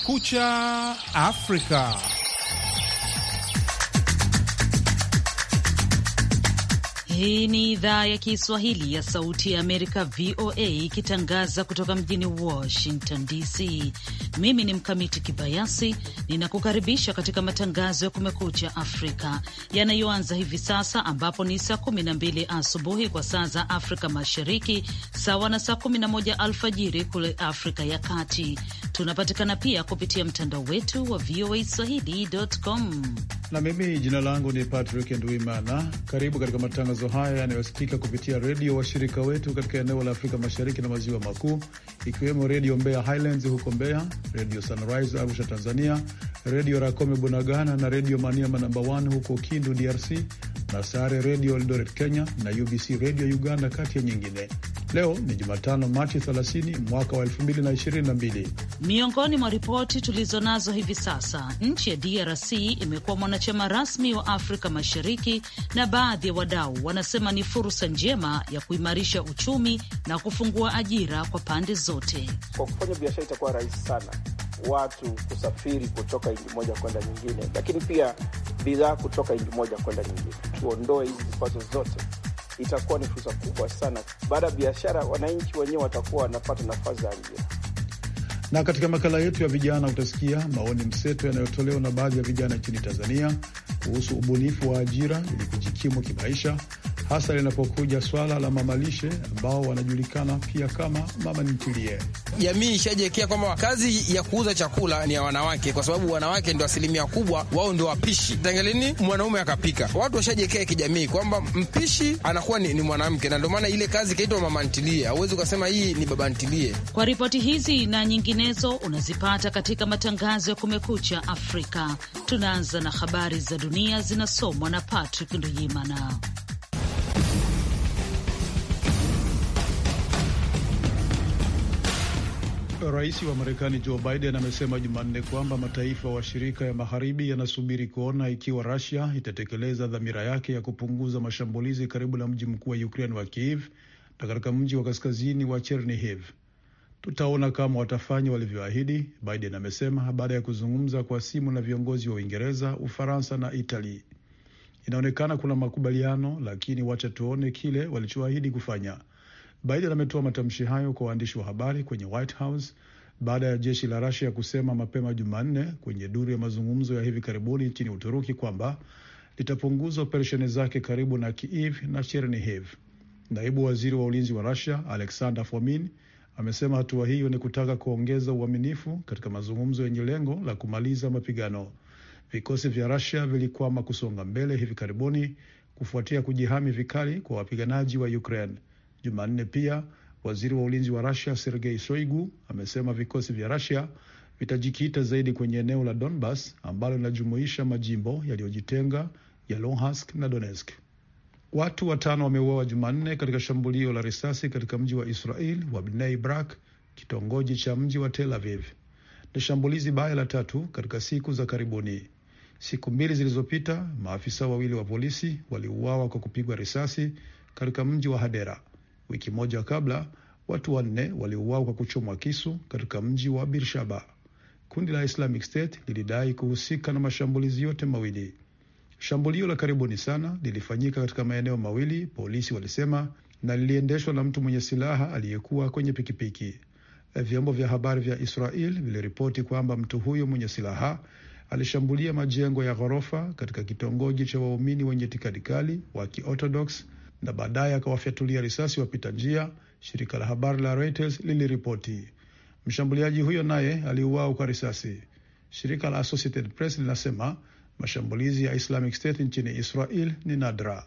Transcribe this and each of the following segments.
Kumekucha Afrika. Hii ni idhaa ya Kiswahili ya Sauti ya Amerika, VOA, ikitangaza kutoka mjini Washington DC. Mimi ni Mkamiti Kibayasi, ninakukaribisha katika matangazo ya Kumekucha Afrika yanayoanza hivi sasa, ambapo ni saa 12 asubuhi kwa saa za Afrika Mashariki, sawa na saa 11 alfajiri kule Afrika ya Kati. Tunapatikana pia kupitia mtandao wetu wa VOA swahili.com. Na mimi jina langu ni Patrick Ndwimana. Karibu katika matangazo haya yanayosikika kupitia redio washirika wetu katika eneo la Afrika Mashariki na Maziwa Makuu, ikiwemo Redio Mbeya Highlands huko Mbeya, Redio Sunrise Arusha Tanzania, Redio Rakome Bunagana na Redio maniama namba 1 huko Kindu DRC, na Sare Redio Eldoret Kenya na UBC Redio Uganda, kati ya nyingine. Leo ni Jumatano, Machi 30 mwaka wa 2022. Miongoni mwa ripoti tulizo nazo hivi sasa, nchi ya DRC imekuwa mwanachama rasmi wa Afrika Mashariki, na baadhi ya wadau wanasema ni fursa njema ya kuimarisha uchumi na kufungua ajira kwa pande zote. Kwa kufanya biashara itakuwa rahisi sana watu kusafiri kutoka nchi moja kwenda nyingine, lakini pia bidhaa kutoka nchi moja kwenda nyingine. Tuondoe hizi vikwazo zote itakuwa ni fursa kubwa sana. Baada ya biashara, wananchi wenyewe watakuwa wanapata nafasi za ajira. Na katika makala yetu ya vijana utasikia maoni mseto yanayotolewa na baadhi ya vijana nchini Tanzania kuhusu ubunifu wa ajira ili kujikimu kimaisha hasa linapokuja swala la mamalishe ambao wanajulikana pia kama mama ntilie. Jamii ishajekea kwamba kazi ya kuuza chakula ni ya wanawake, kwa sababu wanawake ndio asilimia kubwa, wao ndio wapishi. Tangeleni mwanaume akapika, watu washajiekea kijamii kwamba mpishi anakuwa ni, ni mwanamke, na ndio maana ile kazi ikaitwa mama ntilie. Hauwezi ukasema hii ni baba ntilie. Kwa ripoti hizi na nyinginezo unazipata katika matangazo ya Kumekucha Afrika. Tunaanza na habari za dunia zinasomwa na Patrick Nduyimana. Rais wa Marekani Joe Biden amesema Jumanne kwamba mataifa washirika ya magharibi yanasubiri kuona ikiwa Rusia itatekeleza dhamira yake ya kupunguza mashambulizi karibu na mji mkuu wa Ukraine wa Kiev na katika mji wa kaskazini wa Chernihiv. Tutaona kama watafanya walivyoahidi, Biden amesema baada ya kuzungumza kwa simu na viongozi wa Uingereza, Ufaransa na Itali. Inaonekana kuna makubaliano, lakini wacha tuone kile walichoahidi kufanya. Biden ametoa matamshi hayo kwa waandishi wa habari kwenye White House baada ya jeshi la Rasia kusema mapema Jumanne kwenye duru ya mazungumzo ya hivi karibuni nchini Uturuki kwamba litapunguza operesheni zake karibu na Kiev na Chernihiv. Naibu waziri wa ulinzi wa Rasia Alexander Fomin amesema hatua hiyo ni kutaka kuongeza uaminifu katika mazungumzo yenye lengo la kumaliza mapigano. Vikosi vya Rusia vilikwama kusonga mbele hivi karibuni kufuatia kujihami vikali kwa wapiganaji wa Ukraine. Jumanne pia waziri wa ulinzi wa Rusia Sergei Shoigu amesema vikosi vya Rusia vitajikita zaidi kwenye eneo la Donbas ambalo linajumuisha majimbo yaliyojitenga ya Luhansk na Donetsk. Watu watano wameuawa Jumanne katika shambulio la risasi katika mji wa Israel wa Bnei Brak, kitongoji cha mji wa Tel Aviv. Ni shambulizi baya la tatu katika siku za karibuni. Siku mbili zilizopita, maafisa wawili wa polisi waliuawa kwa kupigwa risasi katika mji wa Hadera. Wiki moja kabla, watu wanne waliuawa kwa kuchomwa kisu katika mji wa Birshaba. Kundi la Islamic State lilidai kuhusika na mashambulizi yote mawili. Shambulio la karibuni sana lilifanyika katika maeneo mawili, polisi walisema, na liliendeshwa na mtu mwenye silaha aliyekuwa kwenye pikipiki. Vyombo vya habari vya Israel viliripoti kwamba mtu huyo mwenye silaha alishambulia majengo ya ghorofa katika kitongoji cha waumini wenye itikadi kali wa Kiorthodox na baadaye akawafyatulia risasi wapita njia, shirika la habari la Reuters liliripoti. Mshambuliaji huyo naye aliuawa kwa risasi. Shirika la Associated Press linasema mashambulizi ya Islamic State nchini Israel ni nadra.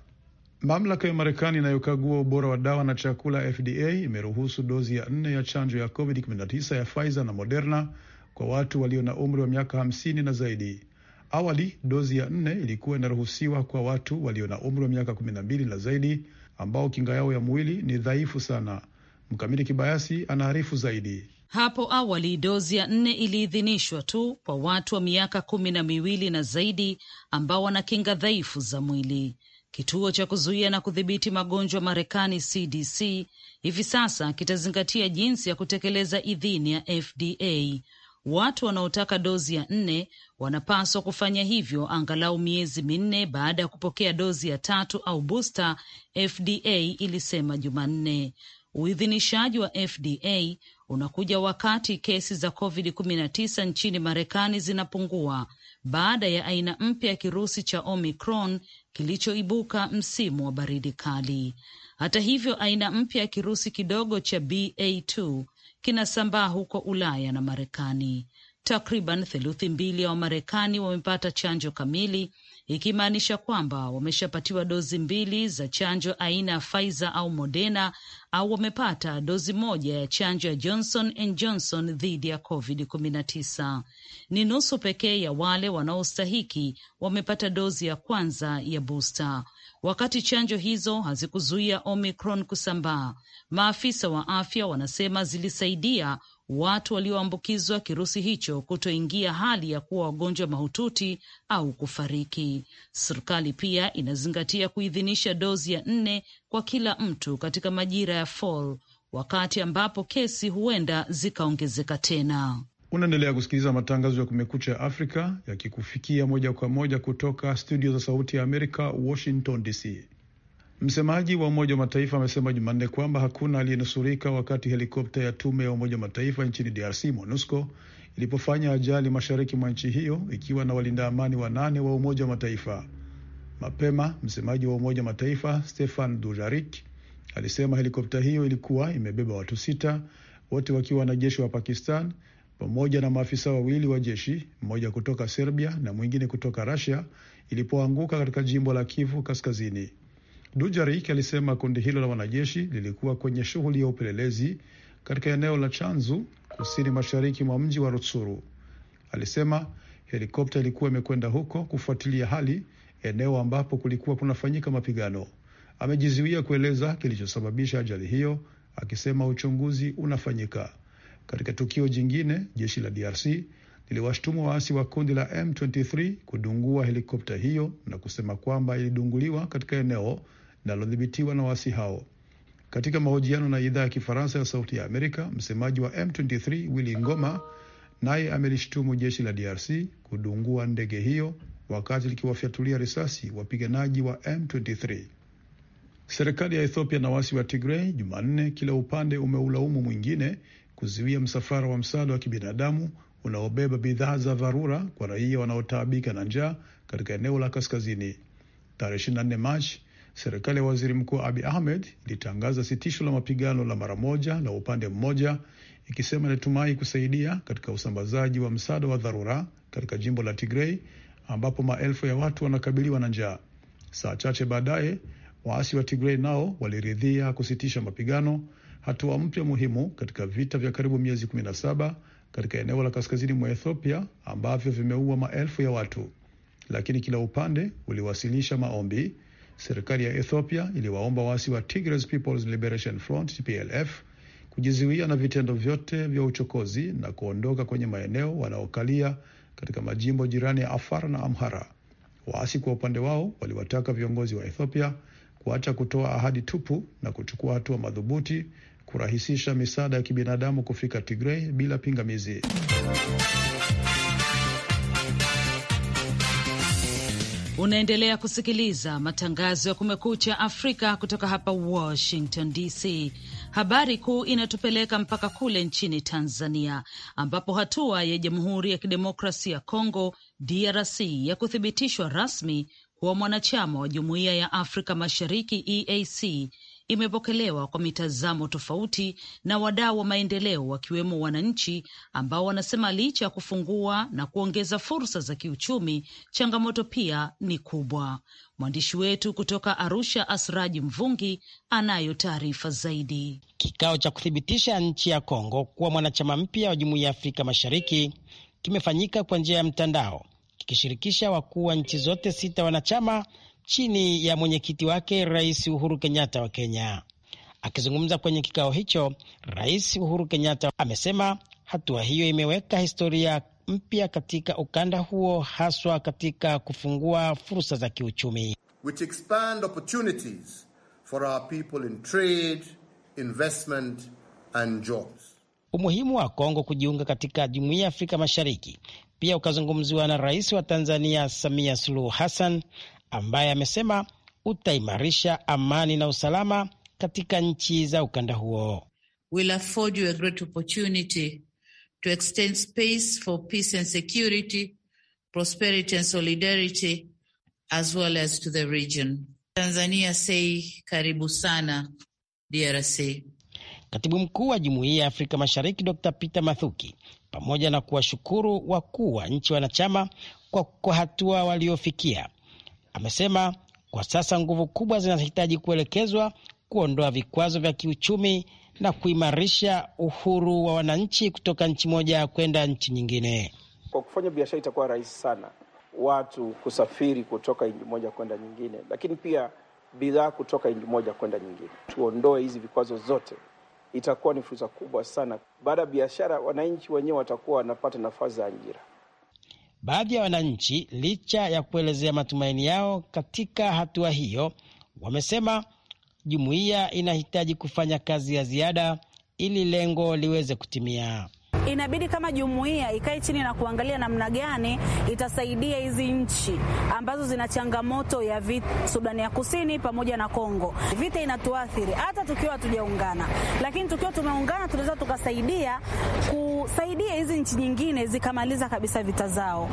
Mamlaka ya Marekani inayokagua ubora wa dawa na chakula FDA imeruhusu dozi ya nne ya chanjo ya COVID-19 ya Pfizer na Moderna kwa watu walio na umri wa miaka hamsini na zaidi. Awali dozi ya nne ilikuwa inaruhusiwa kwa watu walio na umri wa miaka kumi na mbili na zaidi ambao kinga yao ya mwili ni dhaifu sana. Mkamili Kibayasi anaarifu zaidi. Hapo awali dozi ya nne iliidhinishwa tu kwa watu wa miaka kumi na miwili na zaidi ambao wana kinga dhaifu za mwili. Kituo cha kuzuia na kudhibiti magonjwa Marekani, CDC, hivi sasa kitazingatia jinsi ya kutekeleza idhini ya FDA Watu wanaotaka dozi ya nne wanapaswa kufanya hivyo angalau miezi minne baada ya kupokea dozi ya tatu au busta FDA ilisema Jumanne. Uidhinishaji wa FDA unakuja wakati kesi za COVID-19 nchini Marekani zinapungua baada ya aina mpya ya kirusi cha Omicron kilichoibuka msimu wa baridi kali. Hata hivyo, aina mpya ya kirusi kidogo cha BA2 kinasambaa huko Ulaya na Marekani. Takriban theluthi mbili ya Wamarekani wamepata chanjo kamili, ikimaanisha kwamba wameshapatiwa dozi mbili za chanjo aina ya Pfizer au Moderna au wamepata dozi moja ya chanjo ya Johnson and Johnson dhidi ya COVID-19. Ni nusu pekee ya wale wanaostahiki wamepata dozi ya kwanza ya booster, Wakati chanjo hizo hazikuzuia Omicron kusambaa, maafisa wa afya wanasema zilisaidia watu walioambukizwa kirusi hicho kutoingia hali ya kuwa wagonjwa mahututi au kufariki. Serikali pia inazingatia kuidhinisha dozi ya nne kwa kila mtu katika majira ya fall, wakati ambapo kesi huenda zikaongezeka tena. Unaendelea kusikiliza matangazo ya Kumekucha Afrika yakikufikia moja kwa moja kutoka studio za Sauti ya Amerika, Washington DC. Msemaji wa Umoja wa Mataifa amesema Jumanne kwamba hakuna aliyenusurika wakati helikopta ya tume ya Umoja wa Mataifa nchini DRC, MONUSCO, ilipofanya ajali mashariki mwa nchi hiyo ikiwa na walinda amani wanane wa Umoja wa Mataifa. Mapema msemaji wa Umoja wa Mataifa Stefan Dujarik alisema helikopta hiyo ilikuwa imebeba watu sita, wote wakiwa wanajeshi wa Pakistan pamoja na maafisa wawili wa jeshi, mmoja kutoka Serbia na mwingine kutoka rasia ilipoanguka katika jimbo la Kivu Kaskazini. Dujarik alisema kundi hilo la wanajeshi lilikuwa kwenye shughuli ya upelelezi katika eneo la Chanzu, kusini mashariki mwa mji wa Rutsuru. Alisema helikopta ilikuwa imekwenda huko kufuatilia hali eneo ambapo kulikuwa kunafanyika mapigano. Amejizuia kueleza kilichosababisha ajali hiyo, akisema uchunguzi unafanyika. Katika tukio jingine, jeshi la DRC liliwashtumu waasi wa kundi la M23 kudungua helikopta hiyo na kusema kwamba ilidunguliwa katika eneo linalodhibitiwa na waasi hao. Katika mahojiano na idhaa ya Kifaransa ya Sauti ya Amerika, msemaji wa M23 Willy Ngoma naye amelishtumu jeshi la DRC kudungua ndege hiyo wakati likiwafyatulia risasi wapiganaji wa M23. Serikali ya Ethiopia na wasi wa Tigrei Jumanne, kila upande umeulaumu mwingine kuzuia msafara wa msaada wa kibinadamu unaobeba bidhaa za dharura kwa raia wanaotaabika na njaa katika eneo la kaskazini. Tarehe 24 Machi, serikali ya waziri mkuu Abi Ahmed ilitangaza sitisho la mapigano la mara moja na upande mmoja, ikisema inatumai kusaidia katika usambazaji wa msaada wa dharura katika jimbo la Tigrei ambapo maelfu ya watu wanakabiliwa na njaa. Saa chache baadaye waasi wa Tigrei nao waliridhia kusitisha mapigano hatua mpya muhimu katika vita vya karibu miezi 17 katika eneo la kaskazini mwa Ethiopia ambavyo vimeua maelfu ya watu, lakini kila upande uliwasilisha maombi. Serikali ya Ethiopia iliwaomba waasi wa Tigray People's Liberation Front TPLF kujizuia na vitendo vyote vya uchokozi na kuondoka kwenye maeneo wanaokalia katika majimbo jirani ya Afar na Amhara. Waasi kwa upande wao waliwataka viongozi wa Ethiopia kuacha kutoa ahadi tupu na kuchukua hatua madhubuti kurahisisha misaada ya kibinadamu kufika Tigrei bila pingamizi. Unaendelea kusikiliza matangazo ya Kumekucha Afrika kutoka hapa Washington DC. Habari kuu inatupeleka mpaka kule nchini Tanzania, ambapo hatua ya Jamhuri ya Kidemokrasia ya Kongo DRC ya kuthibitishwa rasmi kuwa mwanachama wa Jumuiya ya Afrika Mashariki EAC imepokelewa kwa mitazamo tofauti na wadau wa maendeleo wakiwemo wananchi ambao wanasema licha ya kufungua na kuongeza fursa za kiuchumi, changamoto pia ni kubwa. Mwandishi wetu kutoka Arusha, Asraji Mvungi, anayo taarifa zaidi. Kikao cha kuthibitisha nchi ya Kongo kuwa mwanachama mpya wa Jumuiya ya Afrika Mashariki kimefanyika kwa njia ya mtandao kikishirikisha wakuu wa nchi zote sita wanachama chini ya mwenyekiti wake Rais Uhuru Kenyatta wa Kenya. Akizungumza kwenye kikao hicho, Rais Uhuru Kenyatta amesema hatua hiyo imeweka historia mpya katika ukanda huo, haswa katika kufungua fursa za kiuchumi which expand opportunities for our people in trade, investment and jobs. Umuhimu wa Kongo kujiunga katika Jumuiya ya Afrika Mashariki pia ukazungumziwa na Rais wa Tanzania Samia Suluhu Hassan ambaye amesema utaimarisha amani na usalama katika nchi za ukanda huo. We'll afford you a great opportunity to extend space for peace and security, prosperity and solidarity as well as to the region. Tanzania karibu sana DRC. Katibu mkuu wa Jumuiya ya Afrika Mashariki Dr. Peter Mathuki pamoja na kuwashukuru wakuu wa nchi wanachama kwa, kwa hatua waliofikia Amesema kwa sasa nguvu kubwa zinahitaji kuelekezwa kuondoa vikwazo vya kiuchumi na kuimarisha uhuru wa wananchi kutoka nchi moja kwenda nchi nyingine. Kwa kufanya biashara itakuwa rahisi sana watu kusafiri kutoka nchi moja kwenda nyingine, lakini pia bidhaa kutoka nchi moja kwenda nyingine. Tuondoe hizi vikwazo zote, itakuwa ni fursa kubwa sana. Baada ya biashara, wananchi wenyewe watakuwa wanapata nafasi za ajira. Baadhi ya wananchi, licha ya kuelezea matumaini yao katika hatua hiyo, wamesema jumuiya inahitaji kufanya kazi ya ziada ili lengo liweze kutimia inabidi kama jumuiya ikae chini na kuangalia namna gani itasaidia hizi nchi ambazo zina changamoto ya vita, Sudani ya Kusini pamoja na Kongo. Vita inatuathiri hata tukiwa hatujaungana, lakini tukiwa tumeungana tunaweza tukasaidia kusaidia hizi nchi nyingine zikamaliza kabisa vita zao.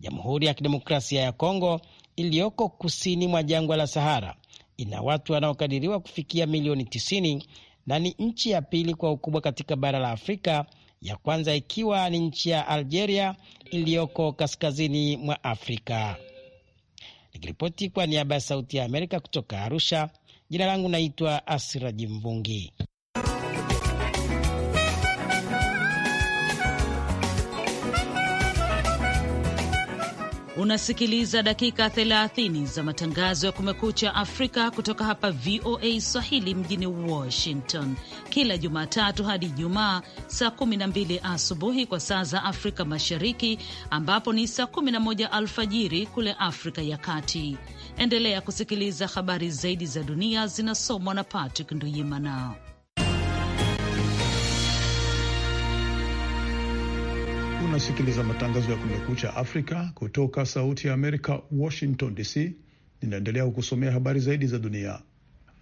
Jamhuri ya Kidemokrasia ya Kongo iliyoko kusini mwa jangwa la Sahara ina watu wanaokadiriwa kufikia milioni 90 na ni nchi ya pili kwa ukubwa katika bara la Afrika ya kwanza ikiwa ni nchi ya Algeria iliyoko kaskazini mwa Afrika. Nikiripoti kwa niaba ya Sauti ya Amerika kutoka Arusha, jina langu naitwa Asiraji Mvungi. Unasikiliza dakika 30 za matangazo ya Kumekucha Afrika kutoka hapa VOA Swahili mjini Washington, kila Jumatatu hadi Ijumaa saa 12 asubuhi kwa saa za Afrika Mashariki, ambapo ni saa 11 alfajiri kule Afrika ya Kati. Endelea kusikiliza habari zaidi za dunia zinasomwa na Patrick Nduyimana. Unasikiliza matangazo ya Kumekucha Afrika kutoka Sauti ya Amerika, Washington DC. Ninaendelea kukusomea habari zaidi za dunia.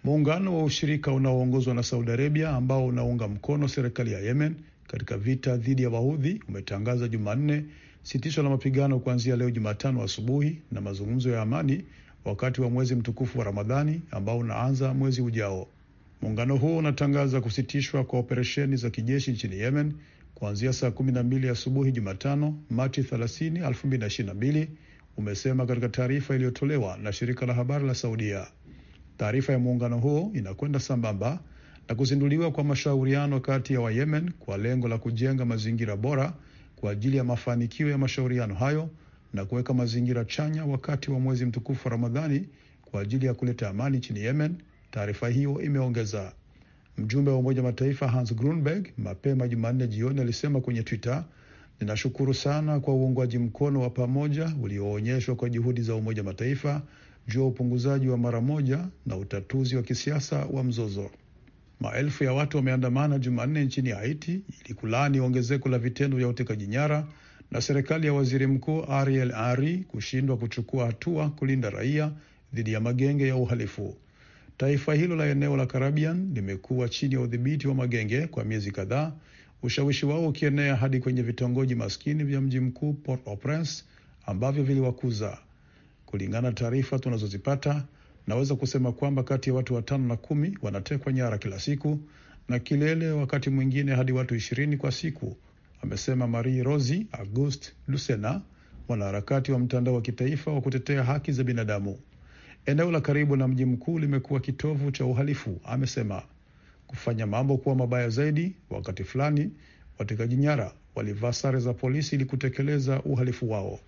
Muungano wa ushirika unaoongozwa na Saudi Arabia ambao unaunga mkono serikali ya Yemen katika vita dhidi ya Wahudhi umetangaza Jumanne sitisho la mapigano kuanzia leo Jumatano asubuhi na mazungumzo ya amani wakati wa mwezi mtukufu wa Ramadhani ambao unaanza mwezi ujao. Muungano huo unatangaza kusitishwa kwa operesheni za kijeshi nchini Yemen kuanzia saa mbili asubuhi Jumatano, Machi 30, 2022, umesema katika taarifa iliyotolewa na shirika la habari la Saudia. Taarifa ya muungano huo inakwenda sambamba na kuzinduliwa kwa mashauriano kati ya Wayemen kwa lengo la kujenga mazingira bora kwa ajili ya mafanikio ya mashauriano hayo na kuweka mazingira chanya wakati wa mwezi mtukufu wa Ramadhani kwa ajili ya kuleta amani nchini Yemen, taarifa hiyo imeongeza. Mjumbe wa Umoja Mataifa Hans Grunberg mapema Jumanne jioni alisema kwenye Twitter, ninashukuru sana kwa uungwaji mkono wa pamoja ulioonyeshwa kwa juhudi za Umoja Mataifa juu ya upunguzaji wa mara moja na utatuzi wa kisiasa wa mzozo. Maelfu ya watu wameandamana Jumanne nchini Haiti ili kulaani ongezeko la vitendo vya utekaji nyara na serikali ya waziri mkuu Ariel Henry kushindwa kuchukua hatua kulinda raia dhidi ya magenge ya uhalifu. Taifa hilo la eneo la Caribbean limekuwa chini ya udhibiti wa magenge kwa miezi kadhaa, ushawishi wao ukienea hadi kwenye vitongoji maskini vya mji mkuu Port-au-Prince ambavyo viliwakuza. Kulingana na taarifa tunazozipata, naweza kusema kwamba kati ya watu watano na kumi wanatekwa nyara kila siku na kilele wakati mwingine hadi watu ishirini kwa siku, amesema Marie Rosi August Lucena, mwanaharakati wa mtandao wa kitaifa wa kutetea haki za binadamu. Eneo la karibu na mji mkuu limekuwa kitovu cha uhalifu, amesema, kufanya mambo kuwa mabaya zaidi. Wakati fulani watekaji nyara walivaa sare za polisi ili kutekeleza uhalifu wao.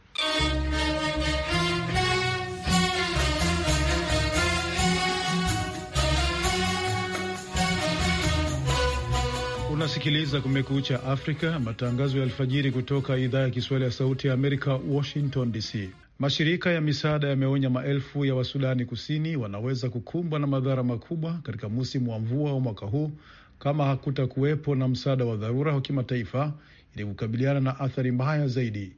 Unasikiliza Kumekucha Afrika, matangazo ya alfajiri kutoka idhaa ya Kiswahili ya Sauti ya Amerika, Washington DC. Mashirika ya misaada yameonya maelfu ya Wasudani Kusini wanaweza kukumbwa na madhara makubwa katika msimu wa mvua wa mwaka huu kama hakuta kuwepo na msaada wa dharura wa kimataifa ili kukabiliana na athari mbaya zaidi.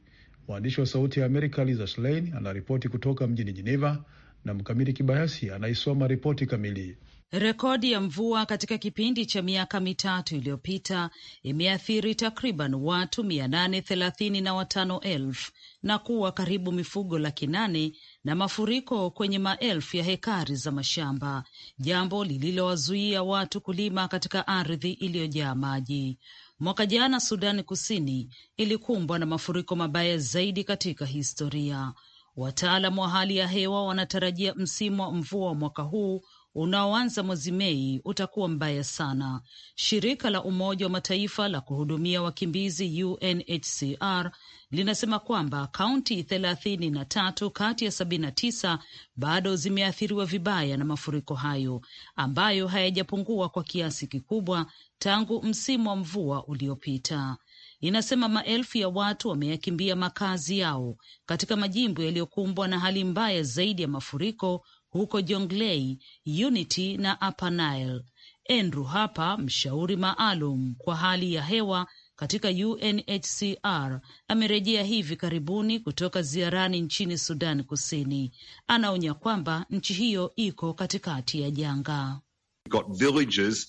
Mwandishi wa Sauti ya Amerika Lisa Schlein anaripoti kutoka mjini Jeneva na Mkamili Kibayasi anaisoma ripoti kamili. Rekodi ya mvua katika kipindi cha miaka mitatu iliyopita imeathiri takriban watu mia nane thelathini na watano elfu na kuwa karibu mifugo laki nane na mafuriko kwenye maelfu ya hekari za mashamba, jambo lililowazuia watu kulima katika ardhi iliyojaa maji. Mwaka jana Sudani Kusini ilikumbwa na mafuriko mabaya zaidi katika historia. Wataalam wa hali ya hewa wanatarajia msimu wa mvua wa mwaka huu unaoanza mwezi Mei utakuwa mbaya sana. Shirika la Umoja wa Mataifa la kuhudumia wakimbizi UNHCR linasema kwamba kaunti thelathini na tatu kati ya sabini na tisa bado zimeathiriwa vibaya na mafuriko hayo ambayo hayajapungua kwa kiasi kikubwa tangu msimu wa mvua uliopita. Inasema maelfu ya watu wameyakimbia makazi yao katika majimbo yaliyokumbwa na hali mbaya zaidi ya mafuriko huko Jonglei, Unity na Upper Nile. Andrew Harper, mshauri maalum kwa hali ya hewa katika UNHCR amerejea hivi karibuni kutoka ziarani nchini Sudan Kusini. Anaonya kwamba nchi hiyo iko katikati ya janga.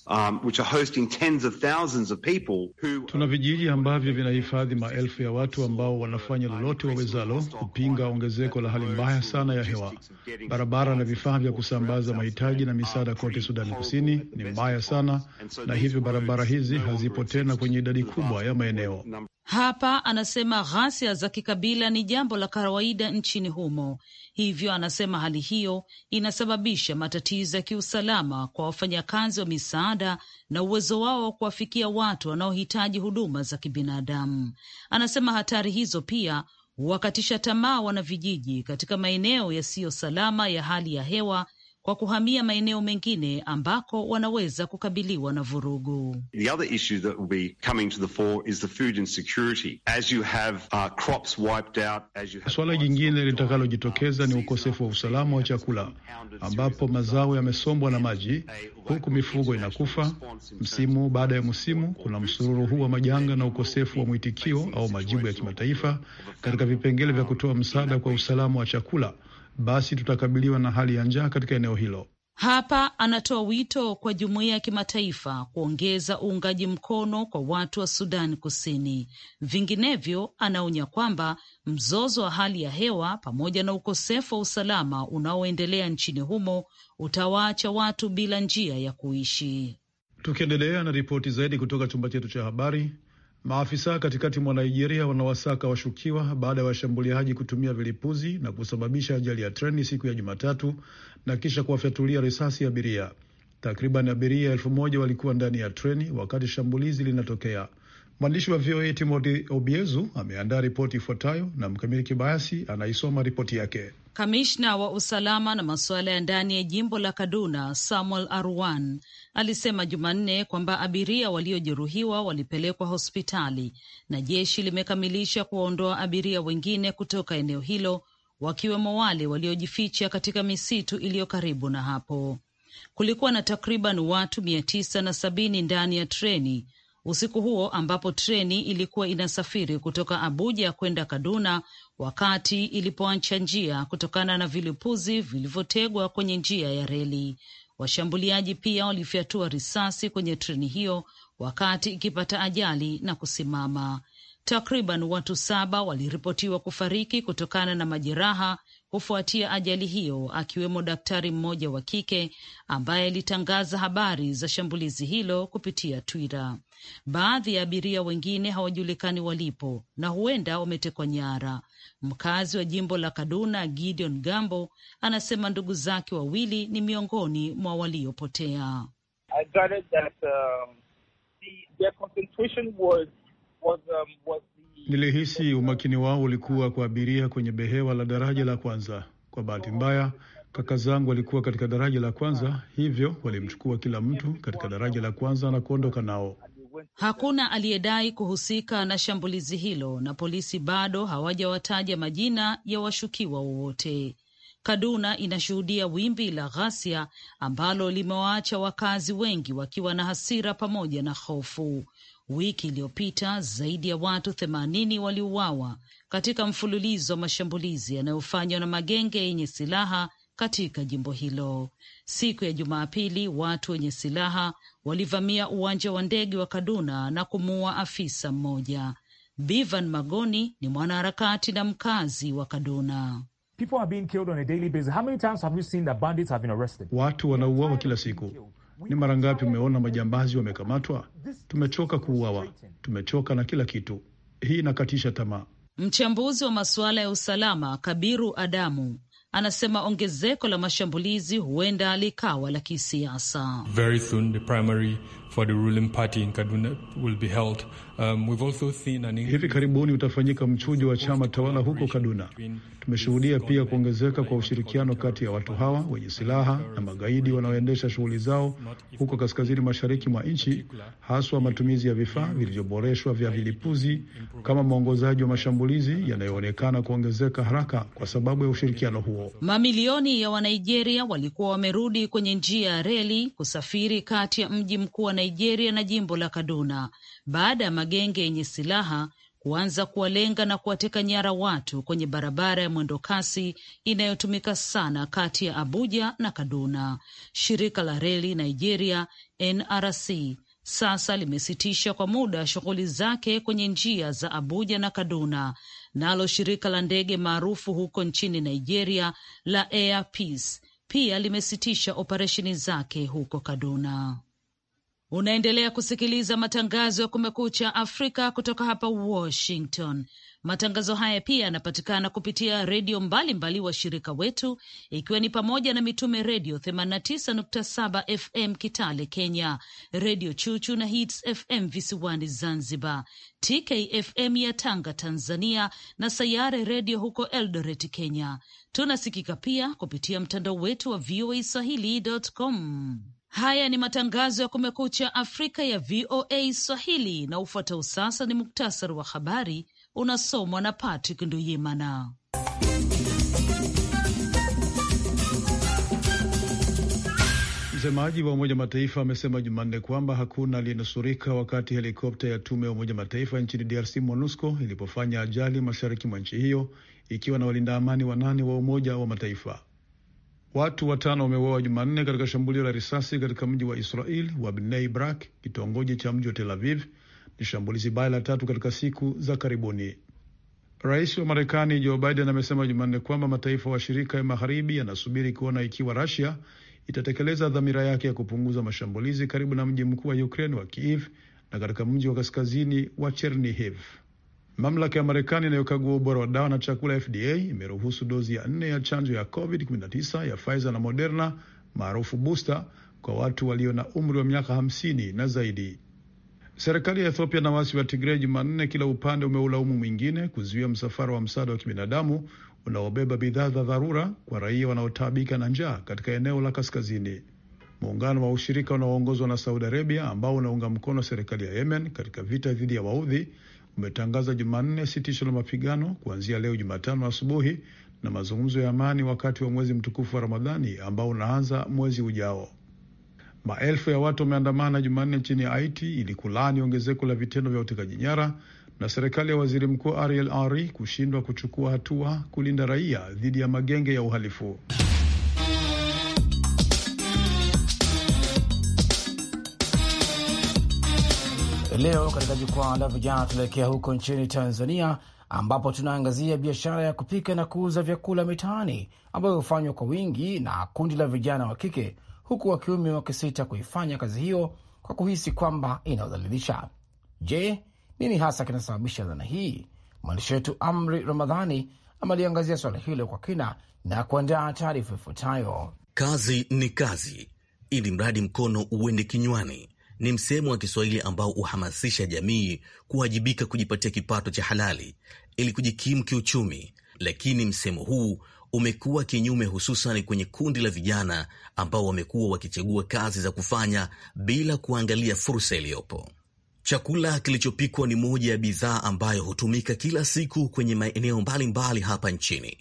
Um, Tuna vijiji ambavyo vinahifadhi maelfu ya watu ambao wanafanya lolote wawezalo kupinga ongezeko la hali mbaya sana ya hewa. Barabara na vifaa vya kusambaza mahitaji na misaada kote Sudani Kusini ni mbaya sana, na hivyo barabara hizi hazipo tena kwenye idadi kubwa ya maeneo. Hapa anasema ghasia za kikabila ni jambo la kawaida nchini humo, hivyo anasema hali hiyo inasababisha matatizo ya kiusalama kwa wafanyakazi wa misaada na uwezo wao wa kuwafikia watu wanaohitaji huduma za kibinadamu. Anasema hatari hizo pia wakatisha tamaa wanavijiji katika maeneo yasiyo salama ya hali ya hewa kwa kuhamia maeneo mengine ambako wanaweza kukabiliwa na vurugu. Suala uh, jingine litakalojitokeza ni ukosefu wa usalama wa chakula, ambapo mazao yamesombwa na maji, huku mifugo inakufa msimu baada ya msimu. Kuna msururu huu wa majanga na ukosefu wa mwitikio au majibu ya kimataifa katika vipengele vya kutoa msaada kwa usalama wa chakula basi tutakabiliwa na hali ya njaa katika eneo hilo. Hapa anatoa wito kwa jumuiya ya kimataifa kuongeza uungaji mkono kwa watu wa sudani Kusini. Vinginevyo, anaonya kwamba mzozo wa hali ya hewa pamoja na ukosefu wa usalama unaoendelea nchini humo utawaacha watu bila njia ya kuishi. Tukiendelea na ripoti zaidi kutoka chumba chetu cha habari, Maafisa katikati mwa Nigeria wanawasaka washukiwa baada ya washambuliaji kutumia vilipuzi na kusababisha ajali ya treni siku ya Jumatatu na kisha kuwafyatulia risasi abiria. Takriban abiria elfu moja walikuwa ndani ya treni wakati shambulizi linatokea. Mwandishi wa VOA Timothy Obiezu ameandaa ripoti ifuatayo na Mkamili Kibayasi anaisoma ripoti yake. Kamishna wa usalama na masuala ya ndani ya jimbo la Kaduna, Samuel Arwan, alisema Jumanne kwamba abiria waliojeruhiwa walipelekwa hospitali na jeshi limekamilisha kuwaondoa abiria wengine kutoka eneo hilo, wakiwemo wale waliojificha katika misitu iliyo karibu na hapo. Kulikuwa na takriban watu mia tisa na sabini ndani ya treni usiku huo ambapo treni ilikuwa inasafiri kutoka Abuja kwenda Kaduna wakati ilipoacha njia kutokana na vilipuzi vilivyotegwa kwenye njia ya reli. Washambuliaji pia walifyatua risasi kwenye treni hiyo wakati ikipata ajali na kusimama. Takriban watu saba waliripotiwa kufariki kutokana na majeraha kufuatia ajali hiyo, akiwemo daktari mmoja wa kike ambaye alitangaza habari za shambulizi hilo kupitia Twitter. Baadhi ya abiria wengine hawajulikani walipo na huenda wametekwa nyara. Mkazi wa jimbo la Kaduna, Gideon Gambo, anasema ndugu zake wawili ni miongoni mwa waliopotea. Um, was, um, was Nilihisi umakini wao ulikuwa kwa abiria kwenye behewa la daraja la kwanza. Kwa bahati mbaya, kaka zangu walikuwa katika daraja la kwanza, hivyo walimchukua kila mtu katika daraja la kwanza na kuondoka nao. Hakuna aliyedai kuhusika na shambulizi hilo na polisi bado hawajawataja majina ya washukiwa wowote. Kaduna inashuhudia wimbi la ghasia ambalo limewaacha wakazi wengi wakiwa na hasira pamoja na hofu. Wiki iliyopita zaidi ya watu themanini waliuawa katika mfululizo wa mashambulizi yanayofanywa na magenge yenye silaha katika jimbo hilo. Siku ya Jumapili, watu wenye silaha walivamia uwanja wa ndege wa Kaduna na kumuua afisa mmoja. Bivan Magoni ni mwanaharakati na mkazi wa Kaduna. Watu wanauawa kila siku ni mara ngapi umeona majambazi wamekamatwa? Tumechoka kuuawa, tumechoka na kila kitu. Hii inakatisha tamaa. Mchambuzi wa masuala ya usalama Kabiru Adamu anasema ongezeko la mashambulizi huenda likawa la kisiasa. Um, we've also seen an... hivi karibuni utafanyika mchujo wa chama tawala huko Kaduna. Tumeshuhudia pia kuongezeka kwa ushirikiano kati ya watu hawa wenye silaha na magaidi wanaoendesha shughuli zao huko kaskazini mashariki mwa nchi, haswa matumizi ya vifaa vilivyoboreshwa vya vilipuzi kama mwongozaji wa mashambulizi yanayoonekana kuongezeka haraka kwa sababu ya ushirikiano huo. Mamilioni ya Wanaijeria walikuwa wamerudi kwenye njia ya reli kusafiri kati ya mji mkuu wa Nigeria na jimbo la Kaduna baada ya magenge yenye silaha kuanza kuwalenga na kuwateka nyara watu kwenye barabara ya mwendo kasi inayotumika sana kati ya Abuja na Kaduna. Shirika la reli Nigeria NRC sasa limesitisha kwa muda shughuli zake kwenye njia za Abuja na Kaduna. Nalo shirika la ndege maarufu huko nchini Nigeria la Air Peace pia limesitisha operesheni zake huko Kaduna. Unaendelea kusikiliza matangazo ya Kumekucha Afrika kutoka hapa Washington. Matangazo haya pia yanapatikana kupitia redio mbalimbali wa shirika wetu, ikiwa ni pamoja na Mitume Redio 89.7 FM Kitale Kenya, Redio Chuchu na Hits FM visiwani Zanzibar, TKFM ya Tanga Tanzania, na Sayare Redio huko Eldoret Kenya. Tunasikika pia kupitia mtandao wetu wa VOA swahili.com. Haya ni matangazo ya Kumekucha Afrika ya VOA Swahili, na ufuatao sasa ni muktasari wa habari unasomwa na Patrick Nduyimana. Msemaji wa Umoja Mataifa amesema Jumanne kwamba hakuna aliyenusurika wakati helikopta ya tume ya Umoja Mataifa nchini DRC MONUSCO ilipofanya ajali mashariki mwa nchi hiyo ikiwa na walinda amani wanane wa Umoja wa Mataifa. Watu watano wameuawa Jumanne katika shambulio la risasi katika mji wa Israel wa Bnei Brak, kitongoji cha mji wa Tel Aviv. Ni shambulizi baya la tatu katika siku za karibuni. Rais wa Marekani Joe Biden amesema Jumanne kwamba mataifa washirika ya magharibi yanasubiri kuona ikiwa Rusia itatekeleza dhamira yake ya kupunguza mashambulizi karibu na mji mkuu wa Ukraine wa Kiev na katika mji wa kaskazini wa Chernihiv. Mamlaka ya Marekani inayokagua ubora wa dawa na chakula FDA imeruhusu dozi ya nne ya chanjo ya COVID-19 ya Pfizer na Moderna maarufu booster kwa watu walio na umri wa miaka 50 na zaidi. Serikali ya Ethiopia na waasi wa Tigrei Jumanne, kila upande umeulaumu mwingine kuzuia msafara wa msaada wa kibinadamu unaobeba bidhaa za dharura kwa raia wanaotaabika na njaa katika eneo la kaskazini. Muungano wa ushirika unaoongozwa na Saudi Arabia ambao unaunga mkono serikali ya Yemen katika vita dhidi ya waudhi umetangaza Jumanne sitisho la mapigano kuanzia leo Jumatano asubuhi na mazungumzo ya amani wakati wa mwezi mtukufu wa Ramadhani ambao unaanza mwezi ujao. Maelfu ya watu wameandamana Jumanne nchini Haiti ili kulaani ongezeko la vitendo vya utekaji nyara na serikali ya waziri mkuu Ariel Henry kushindwa kuchukua hatua kulinda raia dhidi ya magenge ya uhalifu. Leo katika jukwaa la vijana tunaelekea huko nchini Tanzania, ambapo tunaangazia biashara ya kupika na kuuza vyakula mitaani ambayo hufanywa kwa wingi na kundi la vijana wa kike, huku wa kiume wakisita kuifanya kazi hiyo kwa kuhisi kwamba inaodhalilisha. Je, nini hasa kinasababisha dhana hii? Mwandishi wetu Amri Ramadhani ameliangazia swala hilo kwa kina na kuandaa taarifa ifuatayo. Kazi ni kazi, ili mradi mkono uende kinywani ni msemo wa Kiswahili ambao huhamasisha jamii kuwajibika kujipatia kipato cha halali ili kujikimu kiuchumi, lakini msemo huu umekuwa kinyume, hususan kwenye kundi la vijana ambao wamekuwa wakichagua kazi za kufanya bila kuangalia fursa iliyopo. Chakula kilichopikwa ni moja ya bidhaa ambayo hutumika kila siku kwenye maeneo mbalimbali hapa nchini,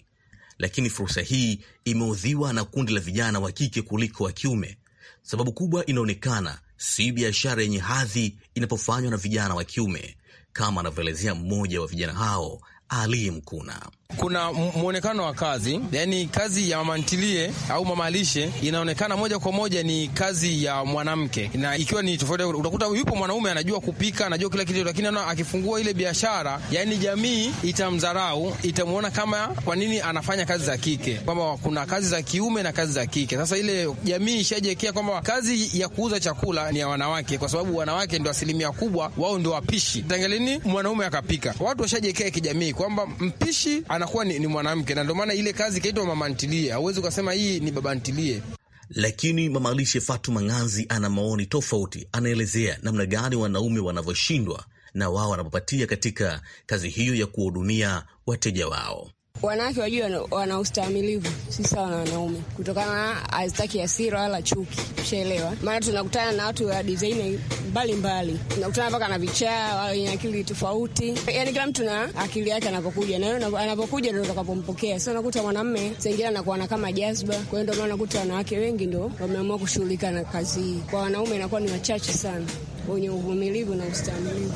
lakini fursa hii imeudhiwa na kundi la vijana wa kike kuliko wa kiume. Sababu kubwa inaonekana si biashara yenye hadhi inapofanywa na vijana wa kiume, kama anavyoelezea mmoja wa vijana hao, Ali Mkuna kuna mwonekano wa kazi, yani kazi ya mamantilie au mamalishe inaonekana moja kwa moja ni kazi ya mwanamke, na ikiwa ni tofauti, utakuta yupo mwanaume anajua kupika, anajua kila kitu, lakini ana akifungua ile biashara, yani jamii itamdharau, itamuona kama kwa nini anafanya kazi za kike, kwamba kuna kazi za kiume na kazi za kike. Sasa ile jamii ishajiwekea kwamba kazi ya kuuza chakula ni ya wanawake, kwa sababu wanawake ndio asilimia kubwa, wao ndio wapishi. Tangalini mwanaume akapika, watu washajiwekea kijamii kwamba mpishi anakuwa ni, ni mwanamke, na ndio maana ile kazi ikaitwa mama ntilie. Hauwezi ukasema hii ni baba ntilie. Lakini mama lishe Fatuma Ng'azi ana maoni tofauti. Anaelezea namna gani wanaume wanavyoshindwa na wao wanapopatia katika kazi hiyo ya kuhudumia wateja wao wanawake wajue wana ustahimilivu, si sawa na wanaume, kutokana na azitaki hasira wala chuki, ushaelewa? Maana tunakutana na watu wa dizaini mbalimbali, tunakutana mpaka na vichaa wala wenye akili tofauti, Yani kila mtu na akili yake anapokuja, na anapokuja ndo utakapompokea. Sasa unakuta mwanamme sengine anakuwa na kama jazba, kwa hiyo ndo maana unakuta wanawake wengi ndo wameamua kushughulika na kazi hii. Kwa wanaume inakuwa ni wachache sana wenye uvumilivu na ustahimilivu.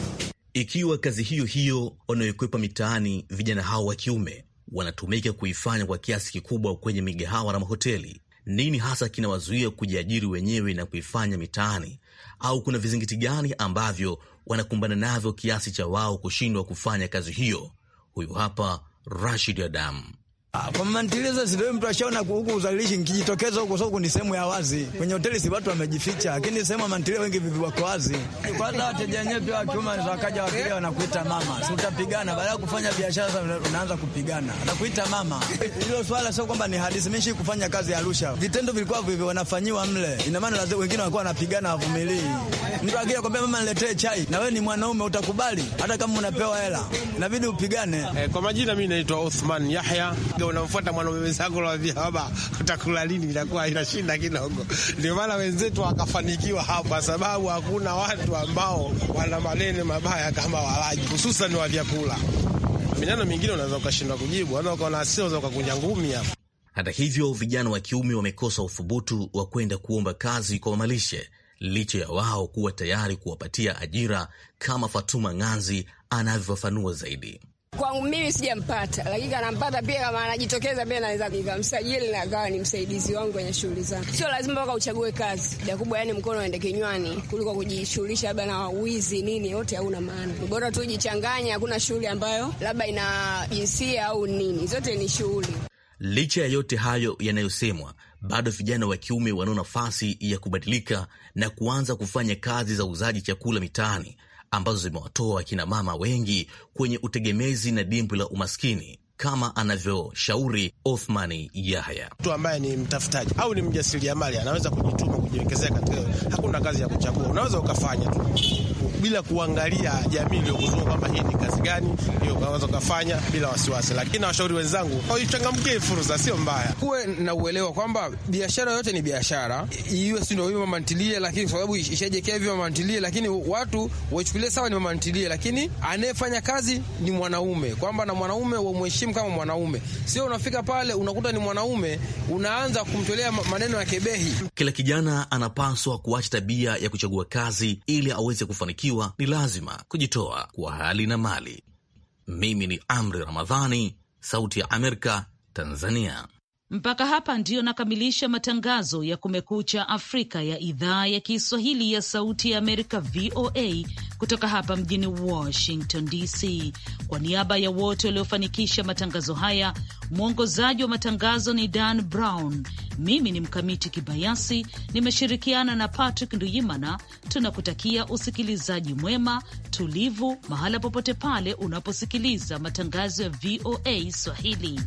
Ikiwa kazi hiyo hiyo wanayokwepa mitaani vijana hao wa kiume wanatumika kuifanya kwa kiasi kikubwa kwenye migahawa na mahoteli. Nini hasa kinawazuia kujiajiri wenyewe na kuifanya mitaani, au kuna vizingiti gani ambavyo wanakumbana navyo kiasi cha wao kushindwa kufanya kazi hiyo? Huyu hapa Rashid Adam. Kwa mama nitiliza sidoi mtu ashaona huku uzalishi nikijitokeza huko sababu ni sehemu ya wazi. Kwenye hoteli si watu wamejificha, lakini sehemu ya nitiliza wengi vipi wako wazi. Kwanza wateja wenyewe pia wa kiume wakaja wakilia wanakuita mama. Si utapigana baada ya kufanya biashara sasa unaanza kupigana. Anakuita mama. Hilo swala sio kwamba ni hadithi mishi kufanya kazi ya Arusha. Vitendo vilikuwa vivyo wanafanyiwa mle. Ina maana lazima wengine walikuwa wanapigana wavumilii. Mtu akija kwambia mama niletee chai na wewe ni mwanaume utakubali hata kama unapewa hela. Inabidi upigane. Eh, kwa majina mimi naitwa Othman Yahya ndio unamfuata mwanaume wenzako, unawambia baba, utakula lini? Itakuwa inashinda kidogo. Ndio maana wenzetu wakafanikiwa hapa, sababu hakuna watu ambao wana manene mabaya kama walaji, hususan wa vyakula. Minano mingine unaweza ukashindwa kujibu, unaweza ukaona hasira, unaweza ukakunja ngumi hapo. Hata hivyo, vijana wa kiume wamekosa uthubutu wa kwenda kuomba kazi kwa wamalishe licha ya wao kuwa tayari kuwapatia ajira, kama Fatuma Ng'anzi anavyofafanua zaidi. Kwangu mimi sijampata, lakini kanampata pia, kama anajitokeza pia naweza nikamsajili na akawa ni msaidizi wangu kwenye shughuli zangu. Sio lazima mpaka uchague kazi ja kubwa, yani mkono uende kinywani kuliko kujishughulisha labda na wizi nini, yote hauna maana. Bora tu ujichanganye, hakuna shughuli ambayo labda ina jinsia au nini, zote ni shughuli. Licha ya yote hayo yanayosemwa, bado vijana wa kiume wanao nafasi ya kubadilika na kuanza kufanya kazi za uuzaji chakula mitaani ambazo zimewatoa akina mama wengi kwenye utegemezi na dimbwi la umaskini kama anavyoshauri Othmani Yahya. Mtu ambaye ni mtafutaji au ni mjasiriamali anaweza kujituma, kujiwekezea katika, hakuna kazi ya kuchagua, unaweza ukafanya tu bila kuangalia jamii iliyokuzunguka kwamba hii ni kazi gani hiyo unaweza ukafanya bila wasiwasi. Lakini nawashauri wenzangu waichangamkie fursa, sio mbaya, kuwe na uelewa kwamba biashara yote ni biashara, iwe si ndio mama ntilie, lakini kwa sababu ishajekea hivyo mama ntilie, lakini watu waichukulie sawa ni mama ntilie, lakini anayefanya kazi ni mwanaume, kwamba na mwanaume wamheshimu kama mwanaume, sio unafika pale unakuta ni mwanaume unaanza kumtolea maneno ya kebehi. Kila kijana anapaswa kuacha tabia ya kuchagua kazi ili aweze kufanikiwa ikiwa ni lazima kujitoa kwa hali na mali. Mimi ni Amri Ramadhani, Sauti ya Amerika, Tanzania. Mpaka hapa ndiyo nakamilisha matangazo ya Kumekucha Afrika ya idhaa ya Kiswahili ya Sauti ya Amerika, VOA, kutoka hapa mjini Washington DC. Kwa niaba ya wote waliofanikisha matangazo haya, mwongozaji wa matangazo ni Dan Brown. Mimi ni Mkamiti Kibayasi, nimeshirikiana na Patrick Nduyimana. Tunakutakia usikilizaji mwema, tulivu, mahala popote pale unaposikiliza matangazo ya VOA Swahili.